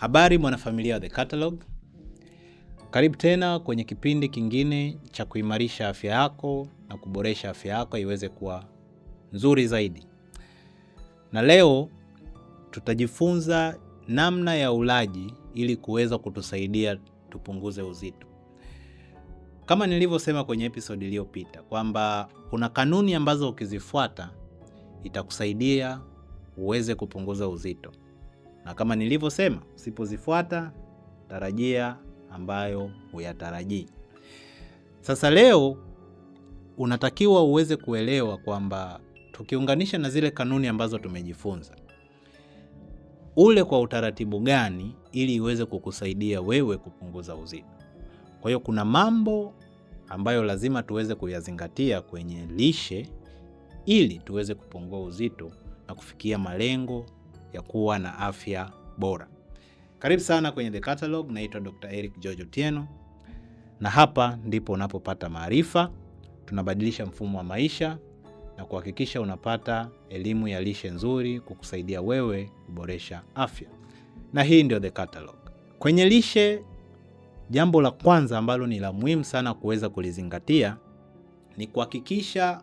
Habari mwanafamilia wa The Catalog, karibu tena kwenye kipindi kingine cha kuimarisha afya yako na kuboresha afya yako iweze kuwa nzuri zaidi. Na leo tutajifunza namna ya ulaji ili kuweza kutusaidia tupunguze uzito. Kama nilivyosema kwenye episodi iliyopita kwamba kuna kanuni ambazo ukizifuata itakusaidia uweze kupunguza uzito na kama nilivyosema, usipozifuata tarajia ambayo huyatarajii. Sasa leo unatakiwa uweze kuelewa kwamba tukiunganisha na zile kanuni ambazo tumejifunza, ule kwa utaratibu gani ili iweze kukusaidia wewe kupunguza uzito. Kwa hiyo kuna mambo ambayo lazima tuweze kuyazingatia kwenye lishe ili tuweze kupungua uzito na kufikia malengo ya kuwa na afya bora. Karibu sana kwenye The Catalog. Naitwa Dr. Eric George Otieno, na hapa ndipo unapopata maarifa. Tunabadilisha mfumo wa maisha na kuhakikisha unapata elimu ya lishe nzuri kukusaidia wewe kuboresha afya, na hii ndio The Catalog. Kwenye lishe, jambo la kwanza ambalo ni la muhimu sana kuweza kulizingatia ni kuhakikisha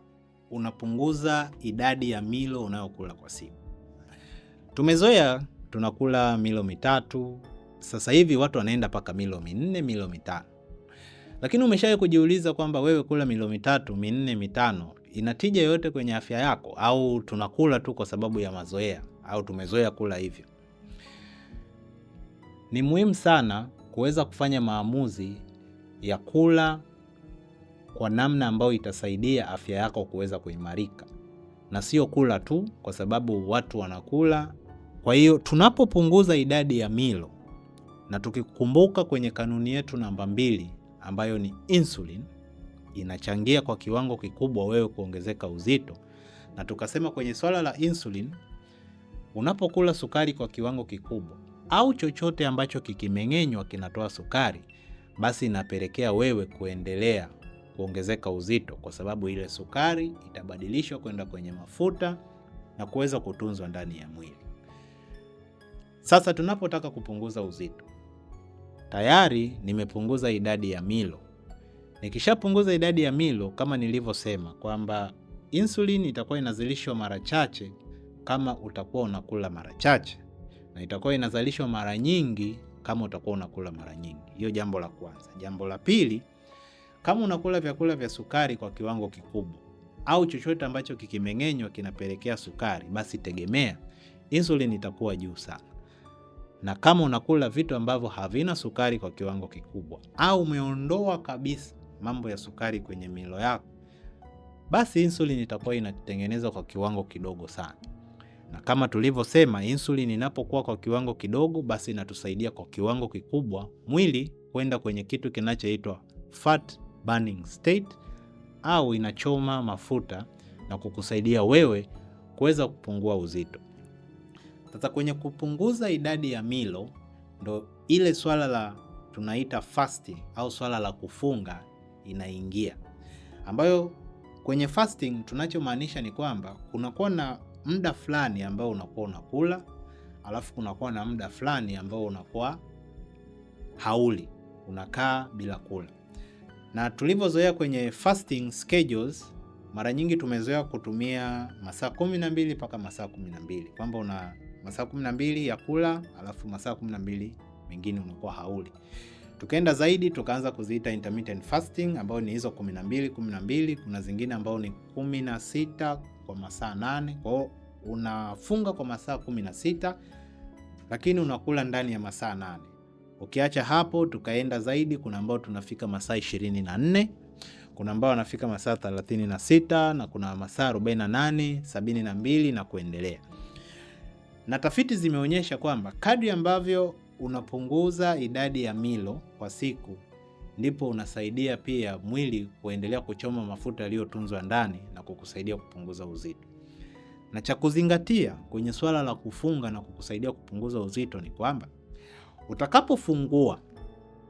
unapunguza idadi ya milo unayokula kwa siku. Tumezoea tunakula milo mitatu, sasa hivi watu wanaenda mpaka milo minne, milo mitano. Lakini umeshawahi kujiuliza kwamba wewe kula milo mitatu, minne, mitano ina tija yoyote kwenye afya yako, au tunakula tu kwa sababu ya mazoea au tumezoea kula hivyo? Ni muhimu sana kuweza kufanya maamuzi ya kula kwa namna ambayo itasaidia afya yako kuweza kuimarika na sio kula tu kwa sababu watu wanakula kwa hiyo tunapopunguza idadi ya milo na tukikumbuka kwenye kanuni yetu namba mbili ambayo ni insulin inachangia kwa kiwango kikubwa wewe kuongezeka uzito, na tukasema kwenye swala la insulin, unapokula sukari kwa kiwango kikubwa au chochote ambacho kikimeng'enywa kinatoa sukari, basi inapelekea wewe kuendelea kuongezeka uzito, kwa sababu ile sukari itabadilishwa kwenda kwenye mafuta na kuweza kutunzwa ndani ya mwili. Sasa tunapotaka kupunguza uzito, tayari nimepunguza idadi ya milo. Nikishapunguza idadi ya milo, kama nilivyosema kwamba insulin itakuwa inazalishwa mara chache kama utakuwa unakula mara chache, na itakuwa inazalishwa mara nyingi kama utakuwa unakula mara nyingi. Hiyo jambo la kwanza. Jambo la pili, kama unakula vyakula vya sukari kwa kiwango kikubwa au chochote ambacho kikimeng'enywa kinapelekea sukari, basi tegemea insulin itakuwa juu sana na kama unakula vitu ambavyo havina sukari kwa kiwango kikubwa au umeondoa kabisa mambo ya sukari kwenye milo yako, basi insulin itakuwa inatengenezwa kwa kiwango kidogo sana. Na kama tulivyosema, insulin inapokuwa kwa kiwango kidogo, basi inatusaidia kwa kiwango kikubwa mwili kwenda kwenye kitu kinachoitwa fat burning state, au inachoma mafuta na kukusaidia wewe kuweza kupungua uzito. Sasa kwenye kupunguza idadi ya milo ndo ile swala la tunaita fasting au swala la kufunga inaingia, ambayo kwenye fasting tunachomaanisha ni kwamba kunakuwa na muda fulani ambao unakuwa unakula, alafu kunakuwa na muda fulani ambao unakuwa hauli, unakaa bila kula. Na tulivyozoea kwenye fasting schedules, mara nyingi tumezoea kutumia masaa kumi na mbili mpaka masaa kumi na kwamba una masaa kumi na mbili ya kula, alafu masaa kumi na mbili mengine unakuwa hauli. Tukaenda zaidi tukaanza kuziita intermittent fasting ambayo ni hizo 12 12, kuna zingine ambayo ni 16 kwa masaa nane. Kwa hiyo unafunga kwa masaa 16 lakini unakula ndani ya masaa nane. Ukiacha hapo tukaenda zaidi, kuna ambao tunafika masaa 24, kuna ambao wanafika masaa 36 na kuna masaa 48, 72 na kuendelea na tafiti zimeonyesha kwamba kadri ambavyo unapunguza idadi ya milo kwa siku ndipo unasaidia pia mwili kuendelea kuchoma mafuta yaliyotunzwa ndani na kukusaidia kupunguza uzito. Na cha kuzingatia kwenye swala la kufunga na kukusaidia kupunguza uzito ni kwamba utakapofungua,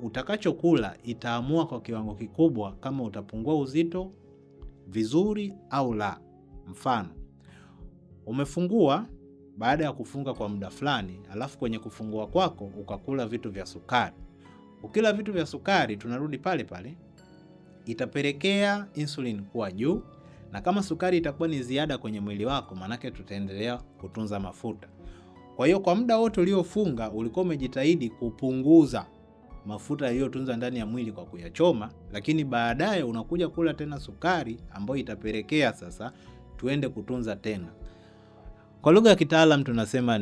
utakachokula itaamua kwa kiwango kikubwa kama utapungua uzito vizuri au la. Mfano, umefungua baada ya kufunga kwa muda fulani, alafu kwenye kufungua kwako ukakula vitu vya sukari. Ukila vitu vya sukari, tunarudi pale pale, itapelekea insulin kuwa juu, na kama sukari itakuwa ni ziada kwenye mwili wako, maanake tutaendelea kutunza mafuta. Kwa hiyo kwa muda wote uliofunga ulikuwa umejitahidi kupunguza mafuta yaliyotunza ndani ya mwili kwa kuyachoma, lakini baadaye unakuja kula tena sukari ambayo itapelekea sasa tuende kutunza tena. Kwa lugha ya kitaalam tunasema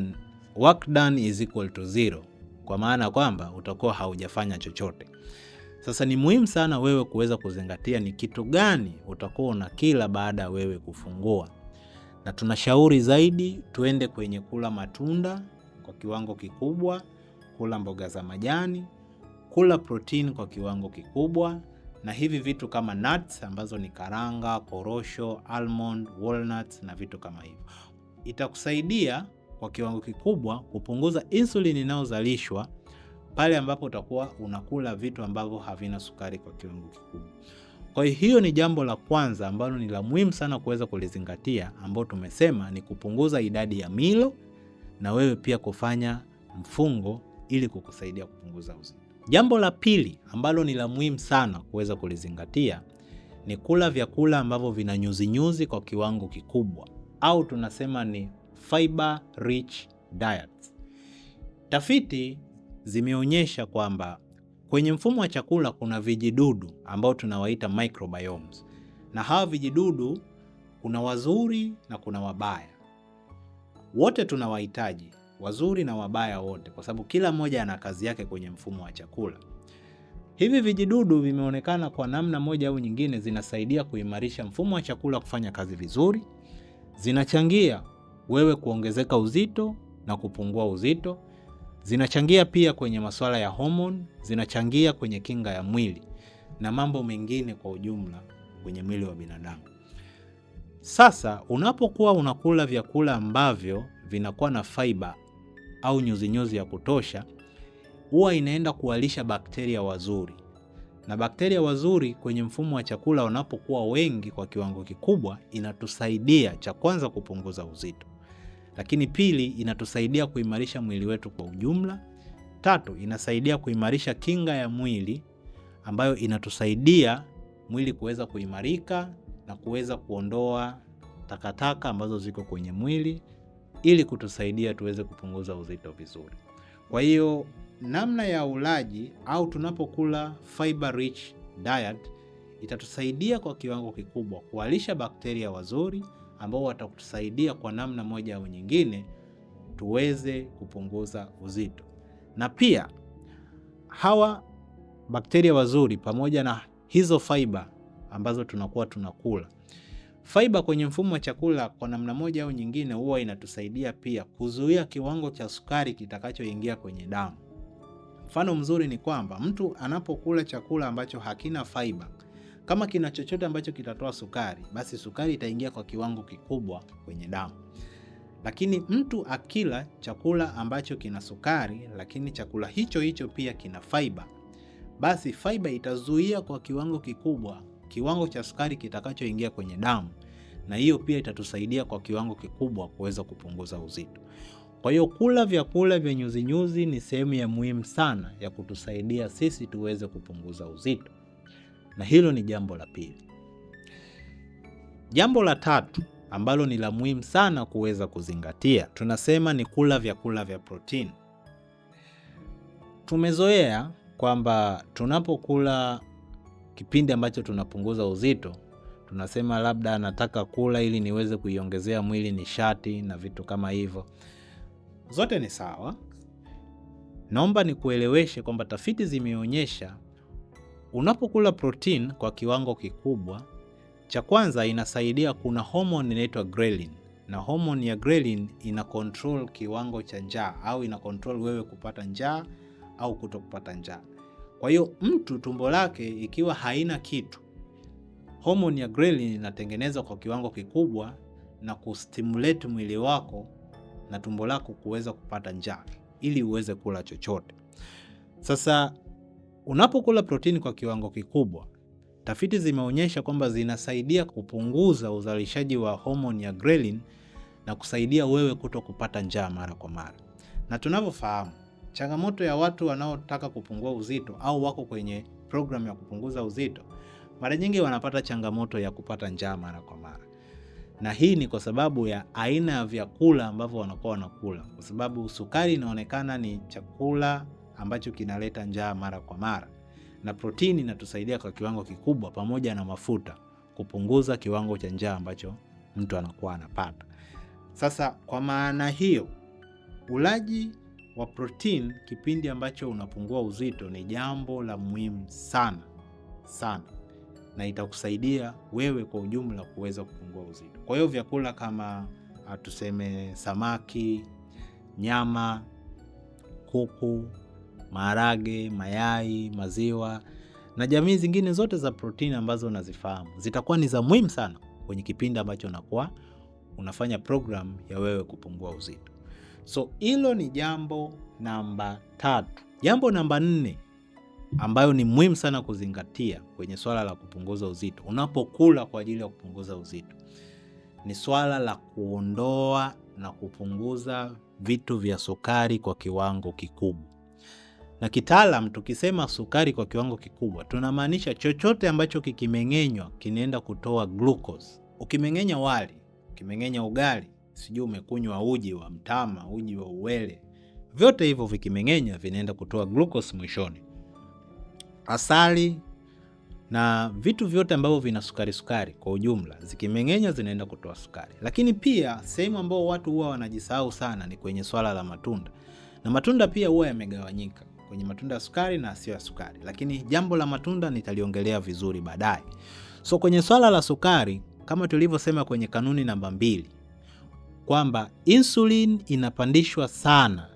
work done is equal to zero, kwa maana kwamba utakuwa haujafanya chochote. Sasa ni muhimu sana wewe kuweza kuzingatia ni kitu gani utakuwa una kila baada ya wewe kufungua, na tunashauri zaidi tuende kwenye kula matunda kwa kiwango kikubwa, kula mboga za majani, kula protini kwa kiwango kikubwa, na hivi vitu kama nuts ambazo ni karanga, korosho, almond, walnuts na vitu kama hivyo itakusaidia kwa kiwango kikubwa kupunguza insulin inayozalishwa pale ambapo utakuwa unakula vitu ambavyo havina sukari kwa kiwango kikubwa. Kwa hiyo ni jambo la kwanza ambalo ni la muhimu sana kuweza kulizingatia, ambao tumesema ni kupunguza idadi ya milo na wewe pia kufanya mfungo ili kukusaidia kupunguza uzito. Jambo la pili ambalo ni la muhimu sana kuweza kulizingatia ni kula vyakula ambavyo vina nyuzinyuzi kwa kiwango kikubwa au tunasema ni fiber rich diets. Tafiti zimeonyesha kwamba kwenye mfumo wa chakula kuna vijidudu ambao tunawaita microbiomes, na hawa vijidudu kuna wazuri na kuna wabaya, wote tunawahitaji, wazuri na wabaya wote, kwa sababu kila mmoja ana kazi yake kwenye mfumo wa chakula. Hivi vijidudu vimeonekana kwa namna moja au nyingine zinasaidia kuimarisha mfumo wa chakula kufanya kazi vizuri zinachangia wewe kuongezeka uzito na kupungua uzito, zinachangia pia kwenye masuala ya homon zinachangia kwenye kinga ya mwili na mambo mengine kwa ujumla kwenye mwili wa binadamu. Sasa unapokuwa unakula vyakula ambavyo vinakuwa na fiber au nyuzinyuzi ya kutosha, huwa inaenda kuwalisha bakteria wazuri na bakteria wazuri kwenye mfumo wa chakula wanapokuwa wengi kwa kiwango kikubwa, inatusaidia cha kwanza kupunguza uzito, lakini pili, inatusaidia kuimarisha mwili wetu kwa ujumla. Tatu, inasaidia kuimarisha kinga ya mwili ambayo inatusaidia mwili kuweza kuimarika na kuweza kuondoa takataka ambazo ziko kwenye mwili ili kutusaidia tuweze kupunguza uzito vizuri. Kwa hiyo namna ya ulaji au tunapokula fiber rich diet itatusaidia kwa kiwango kikubwa kuwalisha bakteria wazuri ambao watakutusaidia kwa namna moja au nyingine tuweze kupunguza uzito. Na pia hawa bakteria wazuri pamoja na hizo fiber ambazo tunakuwa tunakula, fiber kwenye mfumo wa chakula kwa namna moja au nyingine huwa inatusaidia pia kuzuia kiwango cha sukari kitakachoingia kwenye damu. Mfano mzuri ni kwamba mtu anapokula chakula ambacho hakina fiber, kama kina chochote ambacho kitatoa sukari, basi sukari itaingia kwa kiwango kikubwa kwenye damu. Lakini mtu akila chakula ambacho kina sukari, lakini chakula hicho hicho pia kina fiber, basi fiber itazuia kwa kiwango kikubwa kiwango cha sukari kitakachoingia kwenye damu, na hiyo pia itatusaidia kwa kiwango kikubwa kuweza kupunguza uzito. Kwa hiyo kula vyakula vya nyuzinyuzi ni sehemu ya muhimu sana ya kutusaidia sisi tuweze kupunguza uzito, na hilo ni jambo la pili. Jambo la tatu ambalo ni la muhimu sana kuweza kuzingatia, tunasema ni kula vyakula vya protini. Tumezoea kwamba tunapokula kipindi ambacho tunapunguza uzito tunasema labda nataka kula ili niweze kuiongezea mwili nishati na vitu kama hivyo, zote ni sawa. Naomba nikueleweshe kwamba tafiti zimeonyesha unapokula protein kwa kiwango kikubwa, cha kwanza inasaidia, kuna homoni inaitwa ghrelin, na homoni ya ghrelin ina control kiwango cha njaa au ina control wewe kupata njaa au kuto kupata njaa. Kwa hiyo mtu tumbo lake ikiwa haina kitu, homoni ya ghrelin inatengenezwa kwa kiwango kikubwa na kustimulate mwili wako na tumbo lako kuweza kupata njaa ili uweze kula chochote. Sasa unapokula protini kwa kiwango kikubwa, tafiti zimeonyesha kwamba zinasaidia kupunguza uzalishaji wa homoni ya ghrelin na kusaidia wewe kuto kupata njaa mara kwa mara. Na tunavyofahamu, changamoto ya watu wanaotaka kupungua uzito au wako kwenye programu ya kupunguza uzito, mara nyingi wanapata changamoto ya kupata njaa mara kwa mara na hii ni kwa sababu ya aina ya vyakula ambavyo wanakuwa wanakula, kwa sababu sukari inaonekana ni chakula ambacho kinaleta njaa mara kwa mara, na protini inatusaidia kwa kiwango kikubwa, pamoja na mafuta kupunguza kiwango cha njaa ambacho mtu anakuwa anapata. Sasa kwa maana hiyo, ulaji wa protini kipindi ambacho unapungua uzito ni jambo la muhimu sana sana na itakusaidia wewe kwa ujumla kuweza kupungua uzito. Kwa hiyo vyakula kama ah, tuseme samaki, nyama, kuku, maharage, mayai, maziwa na jamii zingine zote za protini ambazo unazifahamu zitakuwa ni za muhimu sana kwenye kipindi ambacho unakuwa unafanya programu ya wewe kupungua uzito. So hilo ni jambo namba tatu. Jambo namba nne ambayo ni muhimu sana kuzingatia kwenye swala la kupunguza uzito, unapokula kwa ajili ya kupunguza uzito, ni swala la kuondoa na kupunguza vitu vya sukari kwa kiwango kikubwa. Na kitaalam tukisema sukari kwa kiwango kikubwa, tunamaanisha chochote ambacho kikimeng'enywa kinaenda kutoa glucose. Ukimeng'enya wali, ukimeng'enya ugali, sijui umekunywa uji wa mtama, uji wa uwele, vyote hivyo vikimeng'enywa vinaenda kutoa glucose mwishoni asali na vitu vyote ambavyo vina sukari sukari kwa ujumla, zikimeng'enywa zinaenda kutoa sukari. Lakini pia sehemu ambao watu huwa wanajisahau sana ni kwenye swala la matunda, na matunda pia huwa yamegawanyika kwenye matunda ya sukari na asiyo ya sukari, lakini jambo la matunda nitaliongelea vizuri baadaye. So kwenye swala la sukari, kama tulivyosema kwenye kanuni namba mbili kwamba insulin inapandishwa sana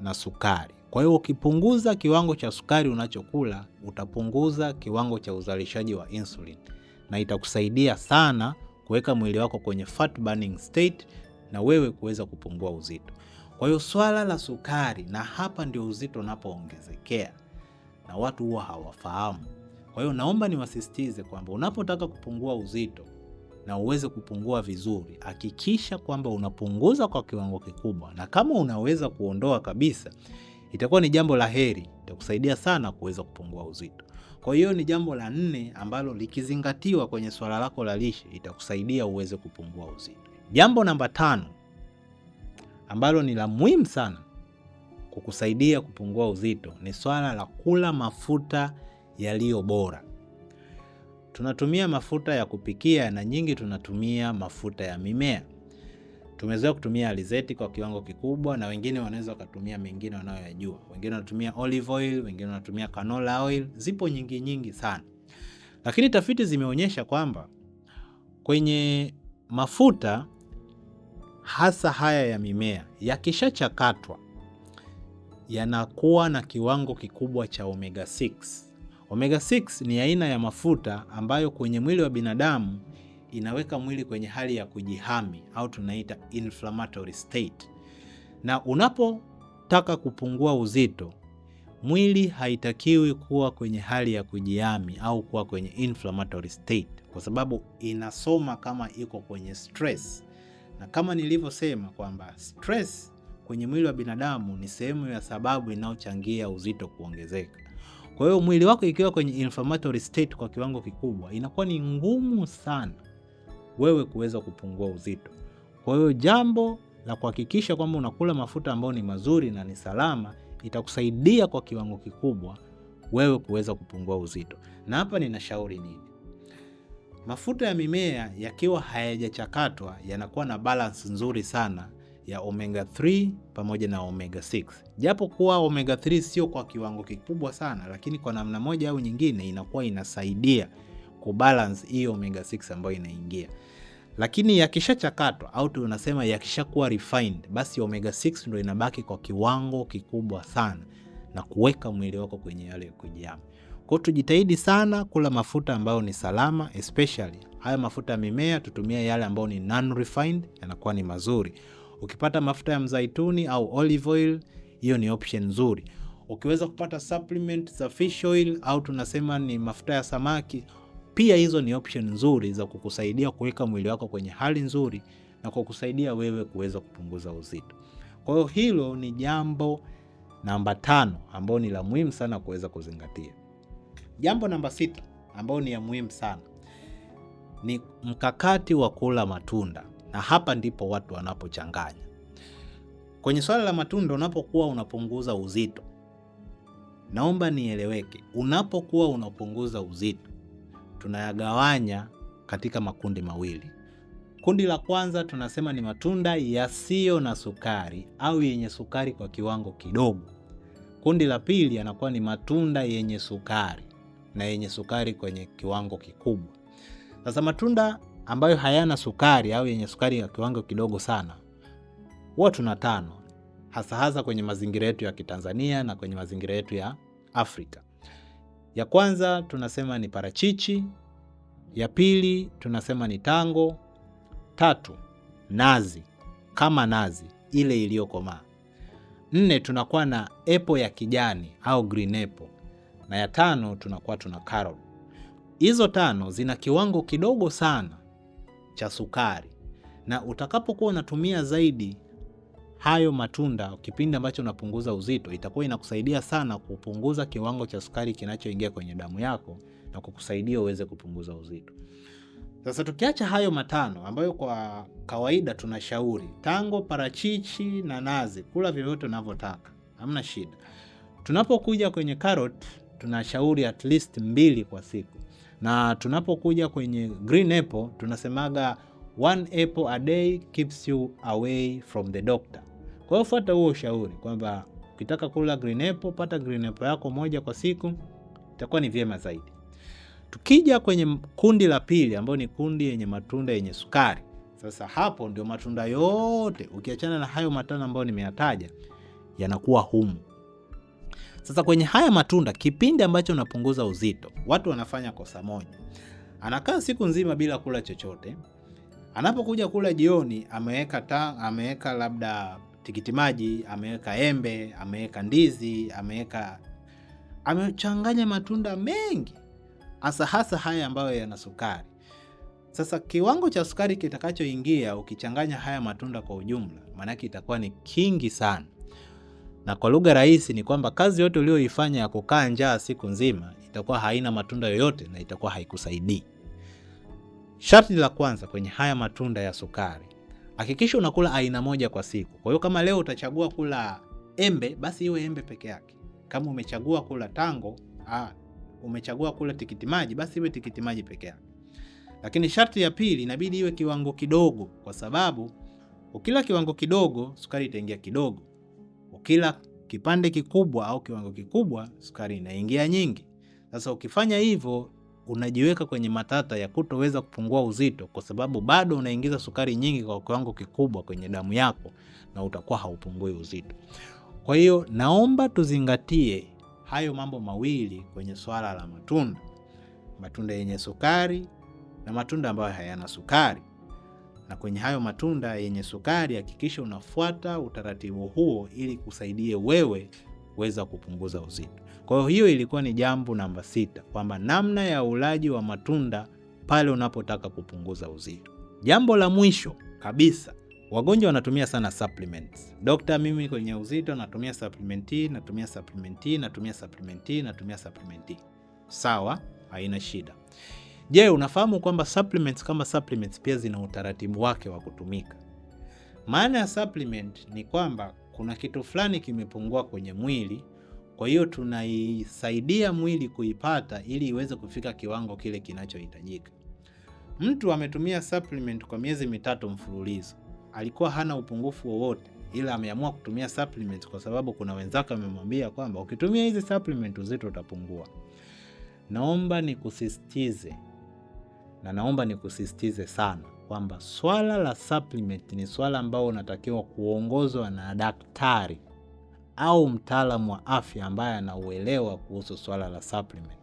na sukari kwa hiyo ukipunguza kiwango cha sukari unachokula utapunguza kiwango cha uzalishaji wa insulin, na itakusaidia sana kuweka mwili wako kwenye fat burning state na wewe kuweza kupungua uzito. Kwa hiyo swala la sukari, na hapa ndio uzito unapoongezekea na watu huwa hawafahamu. Kwa hiyo naomba niwasisitize kwamba unapotaka kupungua uzito na uweze kupungua vizuri, hakikisha kwamba unapunguza kwa kiwango kikubwa, na kama unaweza kuondoa kabisa itakuwa ni jambo la heri, itakusaidia sana kuweza kupungua uzito. Kwa hiyo ni jambo la nne ambalo likizingatiwa kwenye swala lako la lishe itakusaidia uweze kupungua uzito. Jambo namba tano ambalo ni la muhimu sana kukusaidia kupungua uzito ni swala la kula mafuta yaliyo bora. Tunatumia mafuta ya kupikia na nyingi tunatumia mafuta ya mimea. Tumezoea kutumia alizeti kwa kiwango kikubwa, na wengine wanaweza wakatumia mengine wanayoyajua. Wengine wanatumia olive oil, wengine wanatumia canola oil, zipo nyingi nyingi sana, lakini tafiti zimeonyesha kwamba kwenye mafuta hasa haya ya mimea yakishachakatwa yanakuwa na kiwango kikubwa cha omega 6. Omega 6 ni aina ya mafuta ambayo kwenye mwili wa binadamu inaweka mwili kwenye hali ya kujihami au tunaita inflammatory state. Na unapotaka kupungua uzito, mwili haitakiwi kuwa kwenye hali ya kujihami au kuwa kwenye inflammatory state, kwa sababu inasoma kama iko kwenye stress, na kama nilivyosema kwamba stress kwenye mwili wa binadamu ni sehemu ya sababu inayochangia uzito kuongezeka. Kwa hiyo mwili wako ikiwa kwenye inflammatory state kwa kiwango kikubwa, inakuwa ni ngumu sana wewe kuweza kupungua uzito. Kwa hiyo jambo la kuhakikisha kwamba unakula mafuta ambayo ni mazuri na ni salama itakusaidia kwa kiwango kikubwa wewe kuweza kupungua uzito. Na hapa ninashauri nini? Mafuta ya mimea yakiwa hayajachakatwa yanakuwa na balance nzuri sana ya omega 3 pamoja na omega 6. Japo kuwa omega 3 sio kwa kiwango kikubwa sana, lakini kwa namna moja au nyingine inakuwa inasaidia kubalance hiyo omega 6 ambayo inaingia, lakini yakishachakatwa au tunasema yakishakuwa refined, basi omega 6 ndio inabaki kwa kiwango kikubwa sana na kuweka mwili wako kwenye yale kujiamu. Kwa tujitahidi sana kula mafuta ambayo ni salama, especially haya mafuta ya mimea. Tutumia yale ambayo ni non refined, yanakuwa ni mazuri. Ukipata mafuta ya mzaituni au olive oil, hiyo ni option nzuri. Ukiweza kupata supplement za fish oil au tunasema ni mafuta ya samaki, pia hizo ni option nzuri za kukusaidia kuweka mwili wako kwenye hali nzuri na kukusaidia wewe kuweza kupunguza uzito. Kwa hiyo hilo ni jambo namba tano ambayo ni la muhimu sana kuweza kuzingatia. Jambo namba sita ambayo ni ya muhimu sana ni mkakati wa kula matunda, na hapa ndipo watu wanapochanganya kwenye swala la matunda. Unapokuwa unapunguza uzito, naomba nieleweke, unapokuwa unapunguza uzito tunayagawanya katika makundi mawili. Kundi la kwanza tunasema ni matunda yasiyo na sukari au yenye sukari kwa kiwango kidogo. Kundi la pili yanakuwa ni matunda yenye sukari na yenye sukari kwenye kiwango kikubwa. Sasa matunda ambayo hayana sukari au yenye sukari ya kiwango kidogo sana huwa tuna tano, hasa hasa kwenye mazingira yetu ya Kitanzania na kwenye mazingira yetu ya Afrika. Ya kwanza tunasema ni parachichi, ya pili tunasema ni tango, tatu nazi kama nazi ile iliyokomaa, nne tunakuwa na epo ya kijani au green apple, na ya tano tunakuwa tuna carob. Hizo tano zina kiwango kidogo sana cha sukari, na utakapokuwa unatumia zaidi hayo matunda kipindi ambacho unapunguza uzito, itakuwa inakusaidia sana kupunguza kiwango cha sukari kinachoingia kwenye damu yako na kukusaidia uweze kupunguza uzito. Sasa tukiacha hayo matano ambayo kwa kawaida tunashauri tango, parachichi na nazi, kula vyovyote unavyotaka, hamna shida. Tunapokuja kwenye carrot, tunashauri at least mbili kwa siku, na tunapokuja kwenye green apple tunasemaga one apple a day keeps you away from the doctor. Kwa hiyo fuata huo ushauri kwamba ukitaka kula green apple, pata green apple yako moja kwa siku, itakuwa ni vyema zaidi. Tukija kwenye kundi la pili, ambao ni kundi yenye matunda yenye sukari. Sasa hapo ndio matunda yote ukiachana na hayo matano ambayo nimeyataja yanakuwa humu. Sasa kwenye haya matunda, kipindi ambacho unapunguza uzito, watu wanafanya kosa moja, anakaa siku nzima bila kula chochote, anapokuja kula jioni ameweka ameweka labda tikiti maji, ameweka embe, ameweka ndizi, ameweka amechanganya matunda mengi, hasa hasa haya ambayo yana sukari. Sasa kiwango cha sukari kitakachoingia ukichanganya haya matunda kwa ujumla, maanake itakuwa ni kingi sana, na kwa lugha rahisi ni kwamba kazi yote uliyoifanya ya kukaa njaa siku nzima itakuwa haina matunda yoyote na itakuwa haikusaidii. Sharti la kwanza kwenye haya matunda ya sukari hakikisha unakula aina moja kwa siku. Kwa hiyo kama leo utachagua kula embe, basi iwe embe peke yake. Kama umechagua kula tango, ah, umechagua kula tikiti maji, basi iwe tikiti maji peke yake. Lakini sharti ya pili, inabidi iwe kiwango kidogo, kwa sababu ukila kiwango kidogo, sukari itaingia kidogo. Ukila kipande kikubwa au kiwango kikubwa, sukari inaingia nyingi. Sasa ukifanya hivyo unajiweka kwenye matata ya kutoweza kupungua uzito, kwa sababu bado unaingiza sukari nyingi kwa kiwango kikubwa kwenye damu yako na utakuwa haupungui uzito. Kwa hiyo naomba tuzingatie hayo mambo mawili kwenye swala la matunda, matunda yenye sukari na matunda ambayo hayana sukari. Na kwenye hayo matunda yenye sukari, hakikisha unafuata utaratibu huo ili kusaidie wewe kuweza kupunguza uzito. Kwa hiyo ilikuwa ni jambo namba sita, kwamba namna ya ulaji wa matunda pale unapotaka kupunguza uzito. Jambo la mwisho kabisa, wagonjwa wanatumia sana supplements. Dokta, mimi kwenye uzito natumia supplement hii, natumia supplement hii, natumia supplement hii, natumia supplement hii. Sawa, haina shida. Je, unafahamu kwamba supplements kama supplements pia zina utaratibu wake wa kutumika? Maana ya supplement ni kwamba kuna kitu fulani kimepungua kwenye mwili kwa hiyo tunaisaidia mwili kuipata ili iweze kufika kiwango kile kinachohitajika. Mtu ametumia supplement kwa miezi mitatu mfululizo, alikuwa hana upungufu wowote, ila ameamua kutumia supplement kwa sababu kuna wenzake wamemwambia kwamba ukitumia hizi supplement uzito utapungua. Naomba nikusisitize na naomba nikusisitize sana kwamba swala la supplement ni swala ambao unatakiwa kuongozwa na daktari au mtaalamu wa afya ambaye anauelewa kuhusu swala la supplement,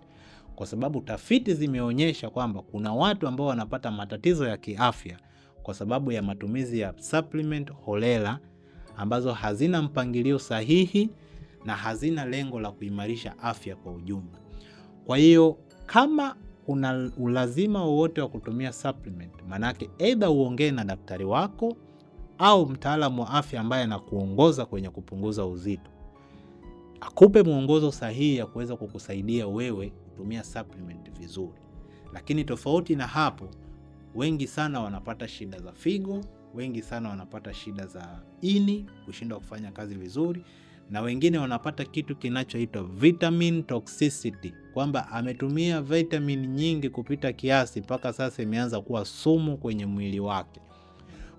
kwa sababu tafiti zimeonyesha kwamba kuna watu ambao wanapata matatizo ya kiafya kwa sababu ya matumizi ya supplement holela ambazo hazina mpangilio sahihi na hazina lengo la kuimarisha afya kwa ujumla. Kwa hiyo kama kuna ulazima wowote wa kutumia supplement, manake aidha uongee na daktari wako au mtaalamu wa afya ambaye anakuongoza kwenye kupunguza uzito akupe mwongozo sahihi ya kuweza kukusaidia wewe kutumia supplement vizuri. Lakini tofauti na hapo, wengi sana wanapata shida za figo, wengi sana wanapata shida za ini, kushindwa kufanya kazi vizuri, na wengine wanapata kitu kinachoitwa vitamin toxicity, kwamba ametumia vitamin nyingi kupita kiasi, mpaka sasa imeanza kuwa sumu kwenye mwili wake.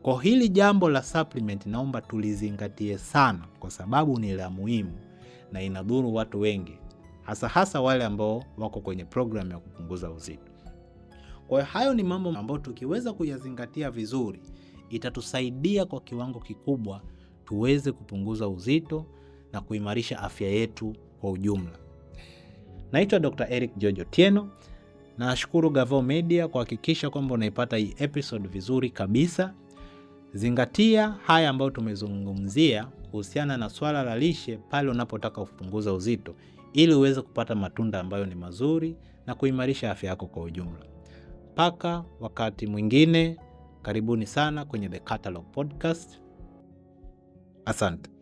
Kwa hili jambo la supplement naomba tulizingatie sana, kwa sababu ni la muhimu na inadhuru watu wengi, hasa hasa wale ambao wako kwenye programu ya kupunguza uzito. Kwa hiyo hayo ni mambo ambayo tukiweza kuyazingatia vizuri, itatusaidia kwa kiwango kikubwa tuweze kupunguza uzito na kuimarisha afya yetu kwa ujumla. Naitwa Dr. Eric Jojo Otieno. Nashukuru Gavoo Media kuhakikisha kwamba unaipata hii episode vizuri kabisa. Zingatia haya ambayo tumezungumzia kuhusiana na swala la lishe pale unapotaka kupunguza uzito ili uweze kupata matunda ambayo ni mazuri na kuimarisha afya yako kwa ujumla. Mpaka wakati mwingine, karibuni sana kwenye The Catalog Podcast. Asante.